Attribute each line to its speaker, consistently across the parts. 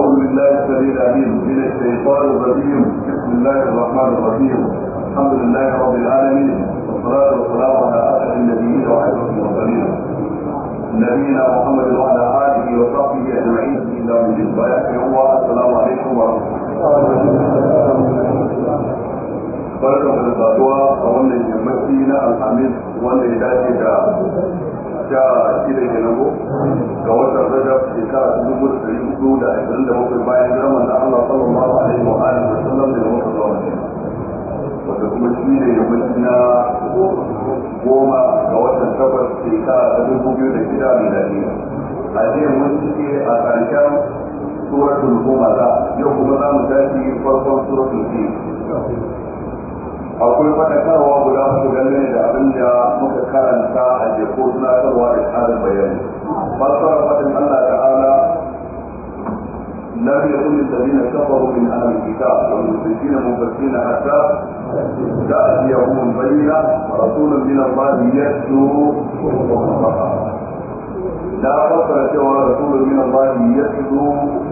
Speaker 1: أعوذ بالله السميع العليم من الشيطان الرجيم بسم الله الرحمن الرحيم الحمد لله رب العالمين والصلاة والسلام على أسعد النبيين وأشرف المرسلين نبينا محمد وعلى آله وصحبه أجمعين إلى من الله السلام عليكم ورحمة الله barkan da saduwa a wannan yammaci na alhamis wanda ya dace da sha shida ke nan ga watan rajab shekara ta dubu da ɗari hudu da ashirin da bakwai bayan zaman da Allah sallallahu alaihi wa alihi wa sallam da muka zuwa Madina wanda kuma shi ne yammaci na goma ga watan takwas shekara ta dubu biyu da shida miladiya a jiya mun cike a ƙarshen suratul humaza yau kuma za mu tashi farkon suratul fiye akwai fadakarwa guda su game da abin da muka karanta a jeko suna karwa da tsarin bayani fasara fadin allah ta'ala na biya kundin da zina kafaru min ahal kita wa min sirkina mubarkina hatta da ajiya kuma bayyana rasulun min allah ya su da fasara cewa rasulun min allah ya su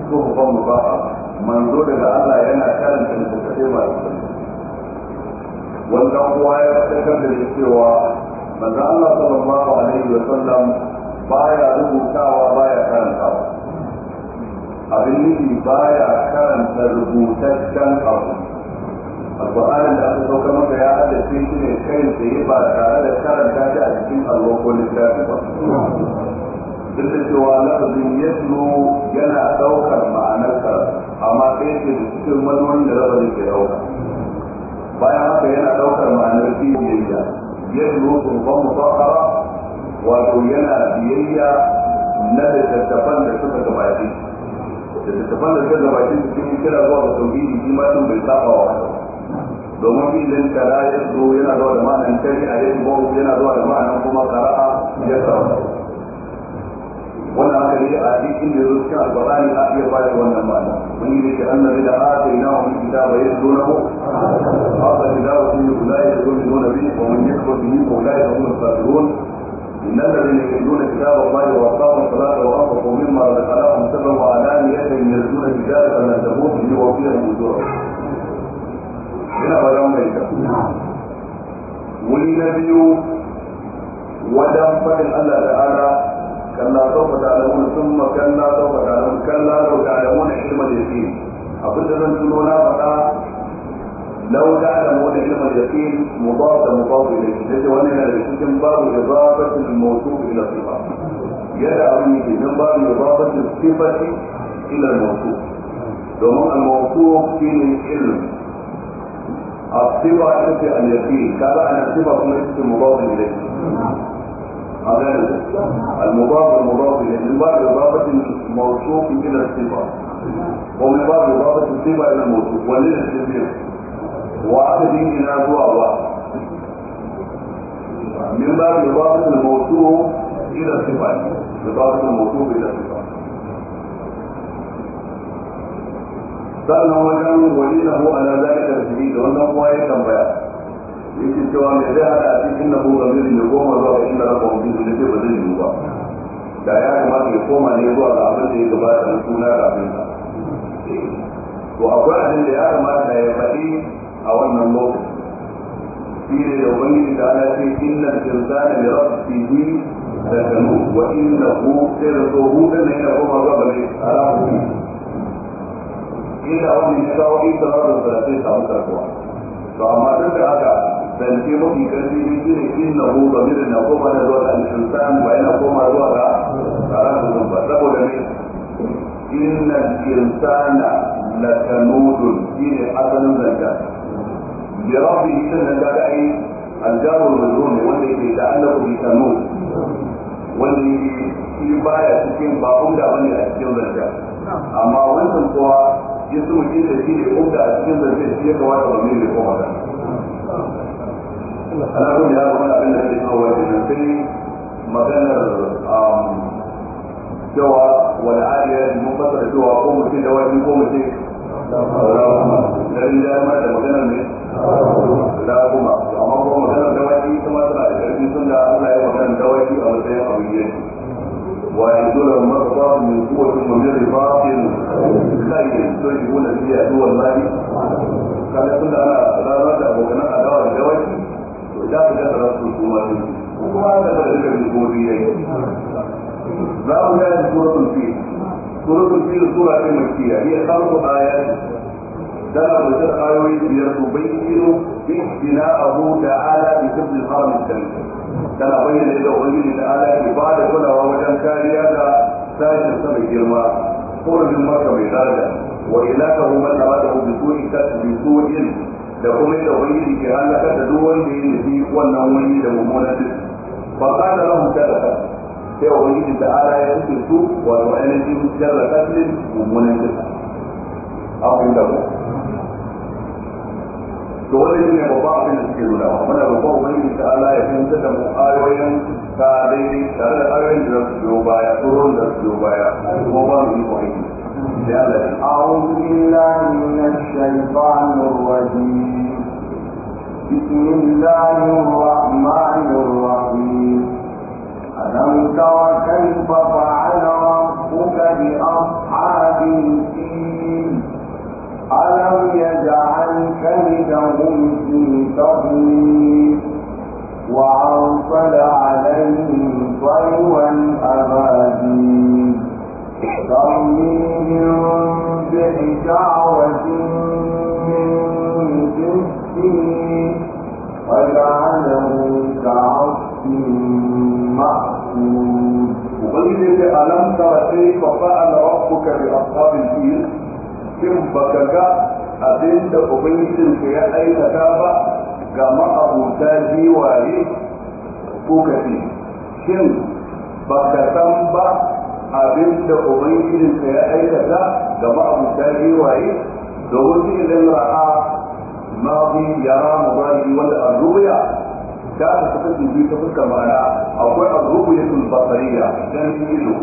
Speaker 1: su kuma mubaha manzo daga allah yana karanta da kasance masu sanya wannan kuwa ya fitar da cewa manzo Allah sallallahu alaihi wa sallam baya rubutawa baya karantawa abin nufi baya karanta rubutaccen abu alƙur'anin da aka sauka maka ya haddace shi ne kai da yi ba tare da karanta shi a cikin allo ko littafi ba duk da cewa lafazin yaslu yana ɗaukar ma'anar amma kai ce da cikin wani da lafazin ke ɗauka bayan haka yana daukar ma'anar biyayya ya yadda kurban mutahara wato yana biyayya na da littattafan da suka gabace da littattafan da suka gabace su cikin kira zuwa ga tauhidi shi ma din bai saba wa domin filin kara ya zo yana zuwa da ma'anar shari'a ya zo yana zuwa da ma'anar kuma kara'a ya saba wannan aka yi a cikin da zuwa cikin alƙur'ani a iya bayar wannan ma'ana mun yi da annabi da aka yi nawa mun da bai zo na ko haka da dawo sun yi kula da zuwa zuwa nabi wa mun yi ko bin ko da da mun sabirun إن الذين يجدون كتاب الله وأقاموا الصلاة وأنفقوا مما رزقناهم سرا وعلانية يرجون تجارة لن تموت ليوفيهم أجورهم. إلى غير ذلك. ولنبي ودم فإن الله أبدا من تقولون بقى لو لا لمؤون إنما يقين مضاد مضاد للجدد وإنما يستجم بار الإضافة الموصوف إلى الصفة يدع منك من بار إضافة الصفة إلى الموصوف ومن الموصوف في العلم الصفة التي أن يقين كما أن الصفة هو اسم مضاد إليه هذا المضاد المضاد من بار إضافة الموصوف إلى الصفة ومن باب إضافة الصيغة إلى الموصوف ولنا الجميع وعدد إلى زوى من باب إضافة الموصوف إلى الصفات إضافة الموصوف إلى الصفات sannan wajen walina ko ana zalika da shi da wannan kuma ya tambaya yake cewa me zai hada a cikin na buga miri ne goma zuwa ga inda rafa wani da ce ba zai yiwu ba da ya kamata ya koma ne zuwa ga abin da ya gabata na suna da abin sa to akwai abin da ya kamata ya faɗi a wannan
Speaker 2: lokacin
Speaker 1: shi ne da ubangiji da ana ce inna insana li rabbihi da kanu wa innahu sai da so hu da ne yana koma zuwa bane arabu inda wani ya kawo in da wani da sai samu karbuwa to amma duk da haka zance mafi karfi ne shi ne innahu ba zai na koma da zuwa da insan ba yana koma zuwa da arabu ba saboda ne inna insana lakanudun shine asalin zanta bi rabbi sunan da dai aljaru mazun wanda yake da Allah bi kanu wanda yake shi baya cikin ba umda bane a cikin zanta amma wannan kuwa yasu mutum da shi ne umda a cikin zanta shi ya kawata wani ne ko maganar cewa wani ariya mun fasa da cewa ko mu ce dawaki ko mu ce dan da ma da maganar ne da kuma amma ko maganar dawaki kuma tana da karfi sun da Allah ya maganar dawaki a matsayin abu ne wa yanzuru marfa min quwwati mujarribatin la yusrifuna fiha duwan mali kada sun da ana ranar da abokan adawa da dawaki to Ya ka da rasu kuma ne kuma da da da gobe yayi babu ya da suratul fil suratul fil sura ta makkiya hiya khamsu ayat dana bashar ayoyi biyar to bayyinu ihtina'ahu ta'ala bi sirri al-haram al-karim tana bayyana da ubangiji ta'ala ke ba da kulawa wajen kariya da sashin mai girma kurjin maka mai daraja wa ilakahu man aradahu bi su'i da kuma halaka da duk wanda ya nufi wannan da mummunan duk fa qala lahu sai ubangiji da ala ya rufe su wato ainihin jarra kaslin mummunan kisa abin da ku to wannan shine ba abin da suke nuna wa muna roƙon ubangiji da ala ya fahimta da mu ayoyin ta daidai tare da ayoyin da su biyo baya tsoron da su biyo baya kuma ba mu yi aiki أعوذ بالله من الشيطان الرجيم بسم الله fa'ala rabbuka bi ashabil fil kin baka ga abinda ubangijin ka ya aikata ba ga ma'abuta giwaye ko kace shin baka san ba abinda ubangijin ka ya aikata ga ma'abuta giwaye domin shi idan ra'a mafi yara mubali wanda a ruya da aka kasance ta fuskar mana akwai a ruya tun ido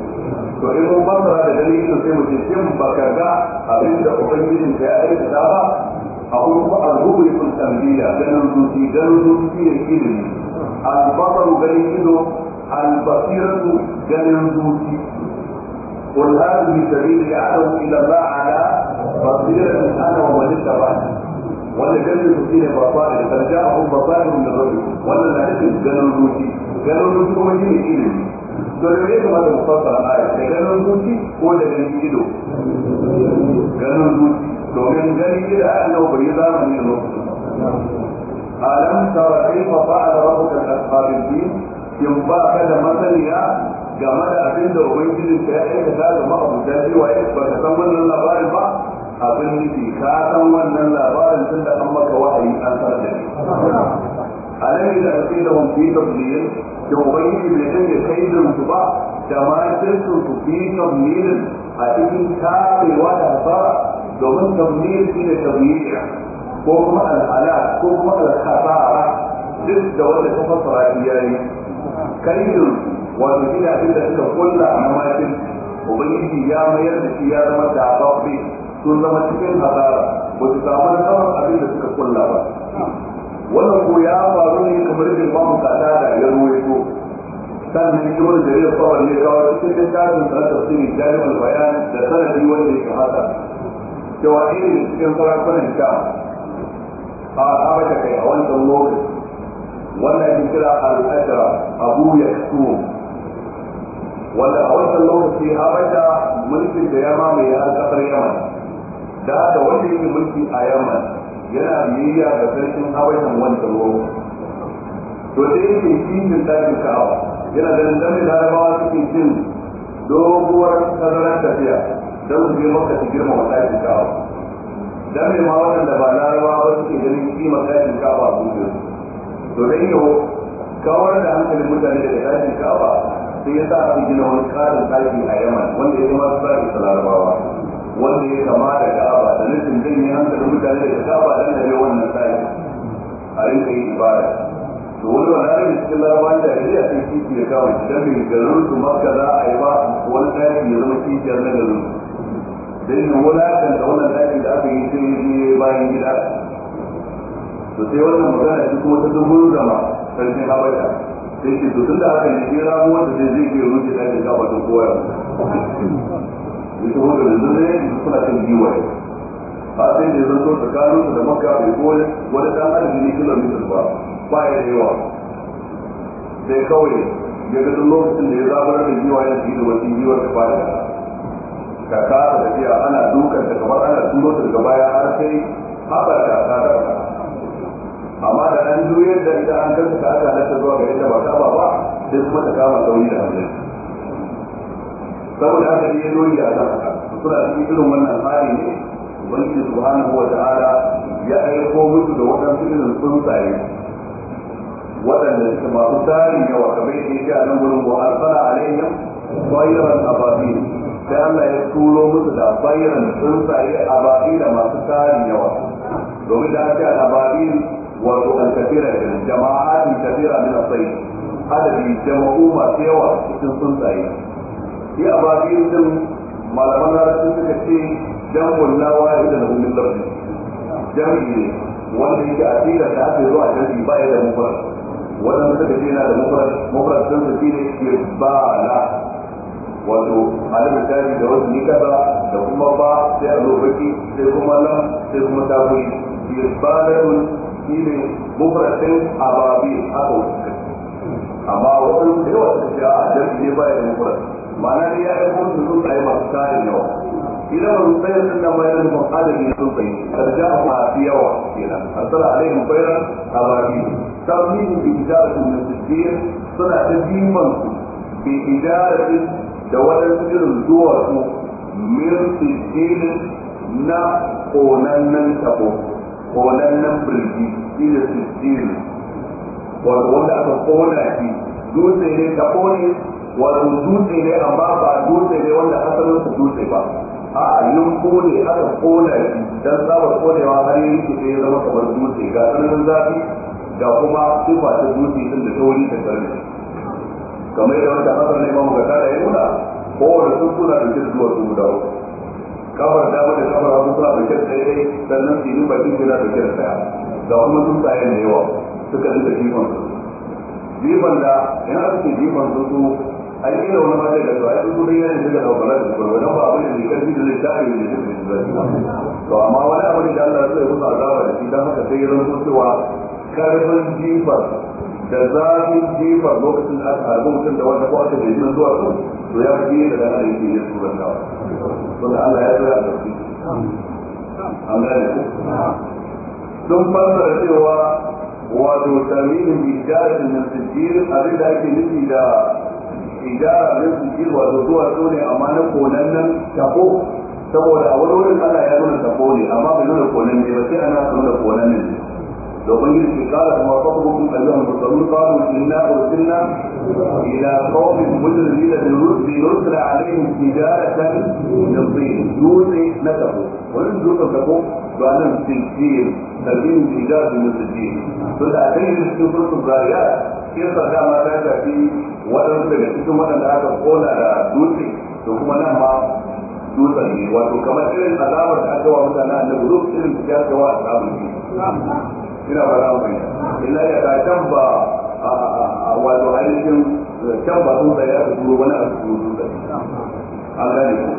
Speaker 1: to in mun fassara da dalilin sai mu ce shin baka ga abin da ubangijin ka ya aikata ba abu kuma alhuri kun tambiya ganin zuci ganin zuci ne ilimi albasaru ganin ido albasiratu ganin zuci قل هذه سبيلي أدعو إلى الله على بصيرة أنا ومن اتبعني ولا جنة فينا بصائر فجاءهم بصائر من ربي ولا نعرف جنة الوجي جنة الوجي هو جنة إلمي Dole ne kuma da mufassara aya da ganin zuci ko da ganin ido ganin zuci domin ganin ido a annabi bai zamani da lokacin alam tara kaifa fa'ala rabbuka bi ashabil jin yin ba ka da masaniya game da abin da ubangijin ka ya aikata ga ma'abuta cewa ya ba ka san wannan labarin ba abin nufi ka san wannan labarin tun da an maka wa'ayi an sanar da alam da ake da wani tafsir da ubangiji bai san da kai da su ba da ma sai su su fi tafsirin a cikin tabewa da hasara domin tafsir shi ne tafsir ko kuma al'ala ko kuma al'asara duk da wanda ta fasara iyayi kaidun wato shi da abin da suka kulla a mamakin ubangiji ya mayar da shi ya zama dababbe sun zama cikin hasara ba su samu nasarar abin da suka kulla ba wannan ko ya faru umarnin babu kada da ya ruwaito sannan shi wani jaridar kawar ne kawo cikin littafin sa na tafsiri jami'ul bayan da sanadi wanda ya kamata cewa ne cikin sarakunan sha a habasha kai a wancan lokaci wannan ake kira al'ashara abu ya wanda a wancan lokaci habasha mulkin da ya mamaye har kasar yaman da haka wanda yake mulki a yaman yana biyayya da sarkin habashan wancan lokaci to sai yake kinin tashin sha'awa yana ganin dan larabawa suke cin doguwar tazarar tafiya don su je maka su girma wa tashin sha'awa dan mai ma waɗanda ba larabawa suke ganin kima tashin sha'awa a ne to dai yau kawar da hankalin mutane daga tashin sha'awa sai ya sa a cikin wani ƙarin tashi a yaman wanda ya zama su tashi ta larabawa wanda ya kama da ka'aba da nufin zai ne hankalin mutane daga ka'aba don da ne wannan tashi a rinka yi ibada to wani wani cikin larabawan jahiliya sun kifi ya kawo shi don mai garin su maka za a yi ba wani ɗaki ya zama kifiyar na garin su don wani wulakan da wannan ɗaki da aka yi sai ya bayan gida to sai wannan magana shi kuma ta dubu rama sarkin habasha sai shi to tun da haka ne shi ramu wanda zai zai ke rushe ɗakin kafa don kowa ya ita wanda da zai ne suna kan giwa ya ba sai da ya zanto su da makka bai kowane wani ɗan arziki kilomita ba ba ya da yawa sai kawai ya ga duk lokacin da ya zabar da jiwa ya ji da wajen jiwa ta fara ka kara da jiya ana dukar ta kamar ana tuno ta daga baya har sai haɓar da ta da amma da an juyar da ita an kasa ta aka nata zuwa ga yadda ba ta ba ba sai kuma ta kama sauri da hannun saboda haka ne ya zo a kan suna cikin irin wannan hali ne ubangiji subhanahu wa ta'ala ya aiko musu da waɗansu irin tsuntsaye waɗanda suka masu tsarin yawa kamar yadda yake a nan gurin wa arsala alaihim bayran ababil sai Allah ya turo musu da bayran tsuntsaye ababil da masu tsari yawa domin da aka ababil wato al-kathira da jama'a kathira min as-sayd adadi jama'u masu yawa cikin tsuntsaye shi ababil din malaman larabci suka ce jamun lawa ya da min lafi jami'i wanda yake asira da aka yi zuwa jami'i ba ya da mubarak wannan da take yana da mufrad sun su ba la wato alim tari da wasu ni kaza da kuma ba sai a lokaci sai kuma nan sai kuma taburi shi ne mufrad din ababi haka amma wadansu da yawa suka ce a jami'i ne ba ya mufrad ma'ana ne ya yi kuma su zuwa masu tarin yawa إلى من بين أن ما ينهم قال لي سلطي فرجعها في يوم إلى أرسل عليهم بيرا أبابيل ترميهم بإدارة من التشبير صنع تدين منصب بإدارة دولة سجن دوره من تشبير نا قوننا تبو قوننا برجي إلى تشبير وأنا أتقول أكيد dutse ne ta kone wato dutse ne amma ba dutse ne wanda asalin su dutse ba a yin kone aka kona shi don sabar konewa har yi su sai zama kamar dutse ga tsananin zafi da kuma sifa ta dutse din da tauri da karni kamar yadda wanda hasan ne mamu gata da ya nuna kowane sun suna da jirgin zuwa su guda uku kafar dama da kafar abu suna da kyar daidai sannan su yi bakin suna da kyar daya ga kuma tsuntsayen mai yawa suka da jifan su jifan da yan aka ce jifan su an yi da wani mata da su ai duk dai yana da kawara da kuma wannan ba abin da kan da
Speaker 2: zai tafi da shi
Speaker 1: to amma wani abin da Allah ya musu da cewa karfin da zafin lokacin da aka mutum da ko zuwa ya fi da da yake Allah ya wato tamimin bijarin na abin da da tijara da su ji wa zuwa dole amma na konan nan tafo saboda a wani wurin Allah ya nuna tafo ne amma bai nuna konan ne ba sai ana nuna konan ne domin yin shekara kuma kwakwa kun kallon musulun kwanu inna ursilna ila qaumin mujrimin da rusul yursala alaihim tijaratan min tin dutse na tabo wannan dutsen tabo ba nan tinjir sabbin tijar da musulmi to da akai ne su furtu bariya sai sa dama ta tafi waɗansu daga cikin waɗanda aka kona da dutse to kuma nan ma dutsen ne wato kamar irin alamar da aka wa mutane annabi ruh irin da ya ga wa azabar ne ina ba za mu yi illa ya ta can ba wato ainihin can ba sun ya ka turo wani a turo dutse an gane ko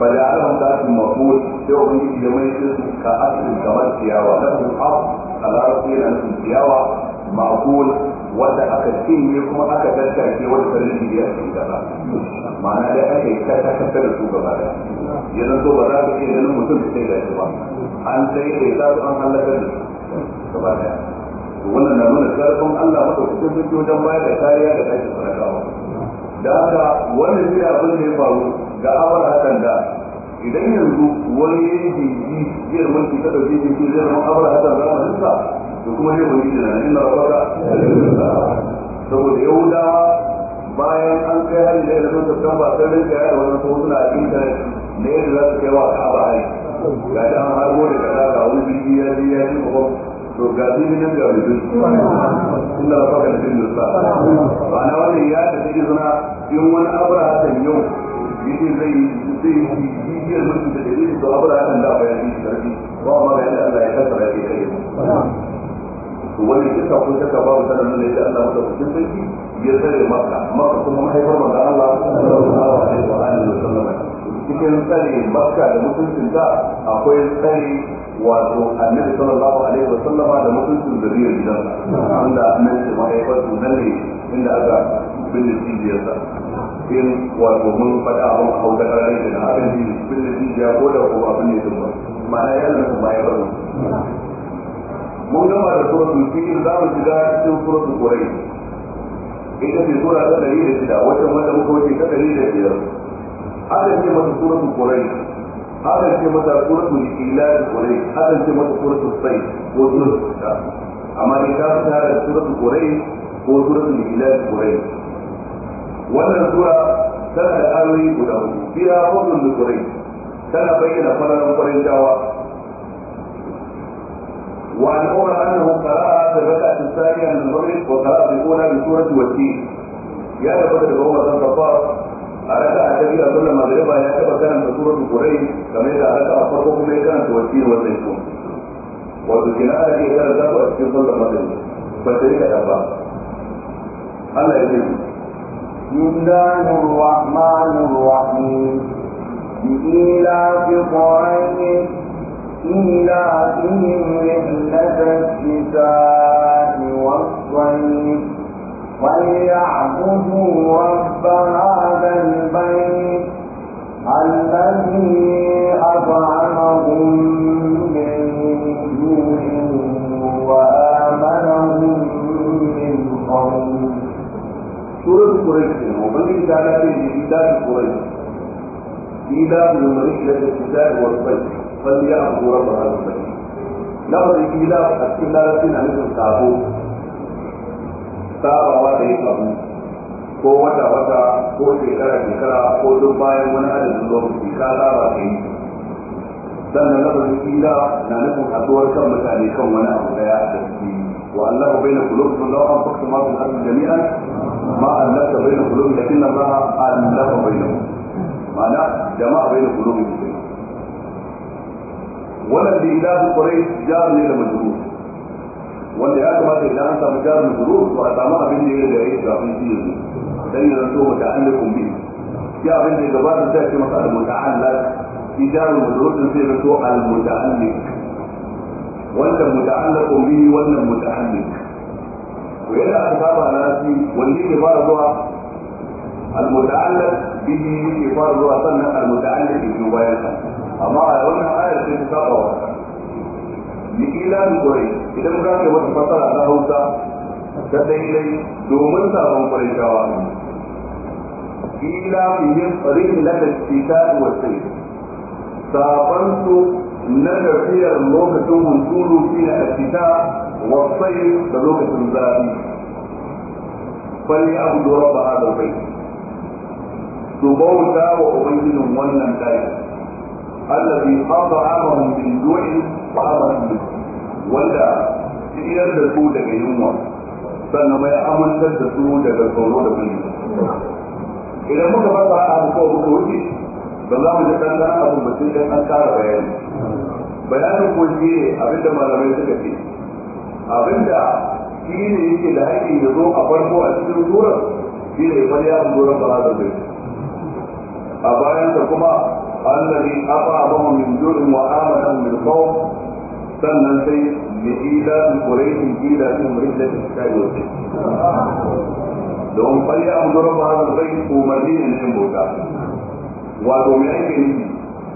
Speaker 1: bada ala wanda ake mafus sai wani yi da mai sun ka asirin kamar ciyawa na kuma a larabci yana nufin ciyawa ma'akul wanda aka cinye kuma aka ke wani farin jiri a cikin gaba ma'ana dai aka yi ta kasance da su gaba da yanzu so ba za ka iya ganin mutum da sai da shi ba an sai da ya zaɓi an halakar da su gaba da wannan na nuna karfin Allah maka cikin fito don bayar da kariya da kashin farakawa. da haka wani shi abin da ya faru da awar hakan da idan yanzu wani yanki jijiyar mulki ta ɗauki jijiyar mulki zai zama awar hakan zamaninsa da kuma zai wani da nan ina baka saboda yahudawa bayan an kai hari da yanzu da kan ba sai rinka yaya wannan ko suna cikin da ne da za su kai wa ba hari ga da an harbo da kaza ga wani bibi ya ji ya ji ko to ga bibi nan ga bibi ina baka da bin da ba na wani ya da take suna in wani abra hasan yau yake zai zai yi bibiyar mutum da yi, to yi hasan da bayani da ba ma ga Allah ya kasara ya
Speaker 2: kai
Speaker 1: Wani wannan duka kun saka babu sanan nan da Allah da cikin sarki ya tsare maka maka kuma mahaifar manzo Allah sallallahu alaihi wa alihi wa sallam cikin tsare maka da mutuncin ta akwai tsare wato annabi sallallahu alaihi wa sallam da mutuncin zuriyar gidan wanda nan ce mahaifar su nan ne inda aka bin cibiyar sa in wato mun faɗa abin a hauta ƙararrai da abin da bin cibiya ko da ko abin ne sun ba ma'ana yana da kuma ya bar mun gama da suratul fil za mu shiga cikin suratul quraish ita ce sura ta dari da shida wata wanda muka wuce ta dari da biyar haka ce mata suratul quraish haka ce mata suratul ilal ce mata suratul ko suratul ta amma ne ta da suratul quraish ko suratul ilal quraish wannan sura tana da ayoyi guda hudu biya hudun da tana bayyana fararen dawa. وعن عمر انه قرأ فبدأت الثانية من المغرب وقرأ الأولى بسورة والتين يا أبا لبدر عمر بن الخطاب أرجع النبي كل المغرب يا كما كان سورة قريش كما إذا أرجع أفرقه كما كان والتين والزيتون وتجينا هذه إلى الباب وأسكن كل المغرب فتريد أبا الله يجيب بسم الله الرحمن الرحيم بإيلاف قريش إيلافهم رحلة الشتاء والصيف وليعبدوا رب هذا البيت الذي أطعمهم من جوع وآمنهم من سورة قريش وبني في إيلاد رحلة الشتاء والصيف wani ya abu rabba rabba lafazin hila a cikin larabci na nufin sabo sabawa da yin abu ko wata wata ko shekara shekara ko duk bayan wani adadin lokaci ka saba da yi sannan lafazin hila na nufin haɗuwar kan mutane kan wani abu daya da suke وألف بين قلوبكم لو أنفقت ما في الأرض جميعا ما ألفت بين قلوبهم لكن الله ألف بينهم معناه جمع بين قلوبهم ولد إله قريش جار لي مجرور wanda ya kamata idan an samu jarin zuru to a samu abin da ya da ya shafin shi yanzu dan yana so mata alaikum bi ya abin da ya gabata sai ce maka al-muta'allaq shi jarin zuru din sai ya so al-muta'alliq wannan muta'allaqun bi wannan muta'alliq to yana da saba na shi wanda yake fara zuwa al-muta'allaq bihi yake fara zuwa sannan al ila gwarai idan za ka wata fasara na hausa ta daidai domin sabon kwarishawa ila fihin rikin lada cita wa sai sabon su na tafiyar lokacin hunturu shi na cita wa sai da lokacin zafi fali abu da rabba hada bai su bauta wa ubangijin wannan dai allazi qada amahum bil du'i wa amahum bil wanda shiryar da su daga yunwa sannan mai amintar da su daga tsoro da kuyi idan muka fara abu ko muka wuce ba za mu ji ɗanɗan abu mutum ɗan an ƙara bayani bayanin ko shi ne abinda malamai suka ce abinda shi ne yake da haƙƙin ya zo a farko a cikin surar shi ne wani yawon goron ba za a bayan da kuma ba الذي min من wa وآمنهم min kawo. sannan sai ya ila da ƙwararrun ila da mai da ta kayi wasu don fari an zura ba da zai umarni da nan bauta wato mai ake nufi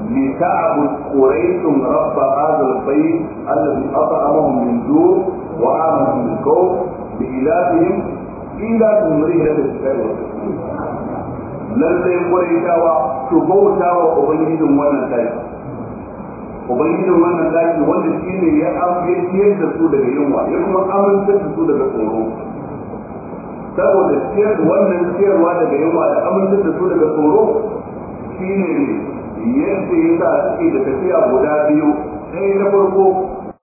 Speaker 1: لتعبد قريش رب هذا su الذي أطعمهم من جوع وآمنهم من خوف بإلههم إلى تمره للسائل لن يقول إيشاوا تبوتا وأبنجد وانا سائل ubangijin wannan zaki wanda shi ne ya ciyar da su daga yunwa ya kuma amince da su daga tsoro saboda ciyar wannan ciyarwa daga yunwa da amince da su daga tsoro shi ne yadda ya sa suke da tafiya guda biyu ɗaya na farko